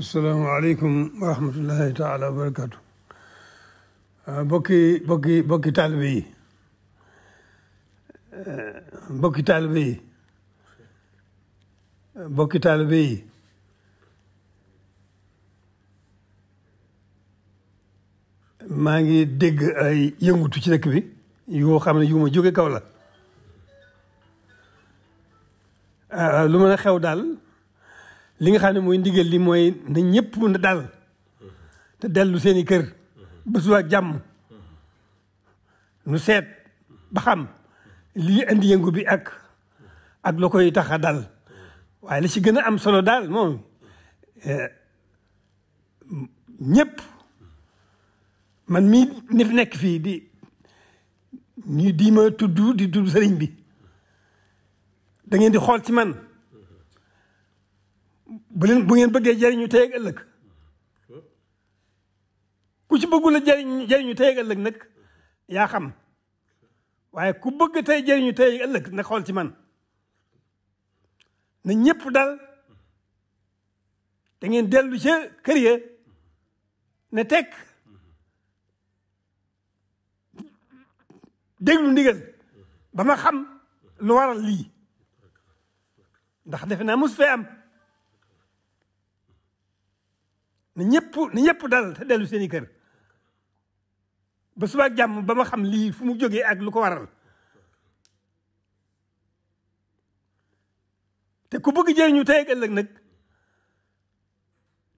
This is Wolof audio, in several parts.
asalaamaaleykum wa rahmatullahi taala wa barakatu bokki ah, bokki bokki bokki taalibe eh, maa ngi dégg ay yëngutu ci dëkk bi yoo xam ne yu ma jóge kaw la ah, lu mën a xew daal li nga xam ne mooy ndigal li mooy na ñëpp na dal te dellu seeni kër ba suba jàmm nu seet baxam xam lii indi yëngu bi ak ak la koy tax a dal waaye la ci gën a am solo daal moom eh, ñépp man mii ni fi nekk fii di ñu di ma di tudd sëriñ bi da ngeen di xool ci man bu bu ngeen bëggee jariñu tey ak ëllëg ku ci bëggula jariñ jariñu tey ak ëllëg nag yaa xam waaye ku bëgg tey jariñu tey ak ëllëg nag xool ci man na ñëpp dal da ngeen dellu ca kër ya ne tekk déglu ndigal ba xam lu waral lii ndax defe naa mos fee am na ñëpp ñëpp dal te dellu seen i kër ba suba ak jàmm ba ma xam lii fu mu jógee ak lu ko waral te ku bëgg jëriñu tey ak ëllëg nag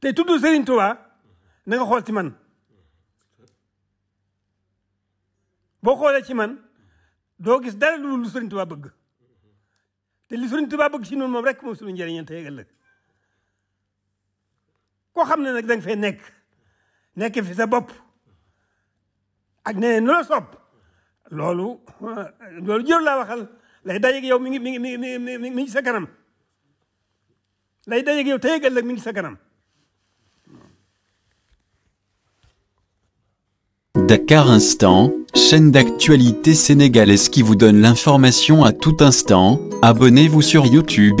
te tudd Serigne Touba na nga xool ci man boo xoolee ci man doo gis dara lu Serigne Touba bëgg te li Serigne Touba bëgg si noonu moom rek moom suñu njëriñam tey ak ëllëg koo xam ne nag danga nek nekk fi sa bop ak nee nu sop lolou lolou loolu la waxal lay dajeeg yow mi ngi mi ngi mi ngi mi ngi sa kanam lay dajeeg yow teegal ëllëg mi ngi sa kanam. Dakar Instant, chaîne d'actualité sénégalaise qui vous donne l'information à tout instant. Abonnez-vous sur YouTube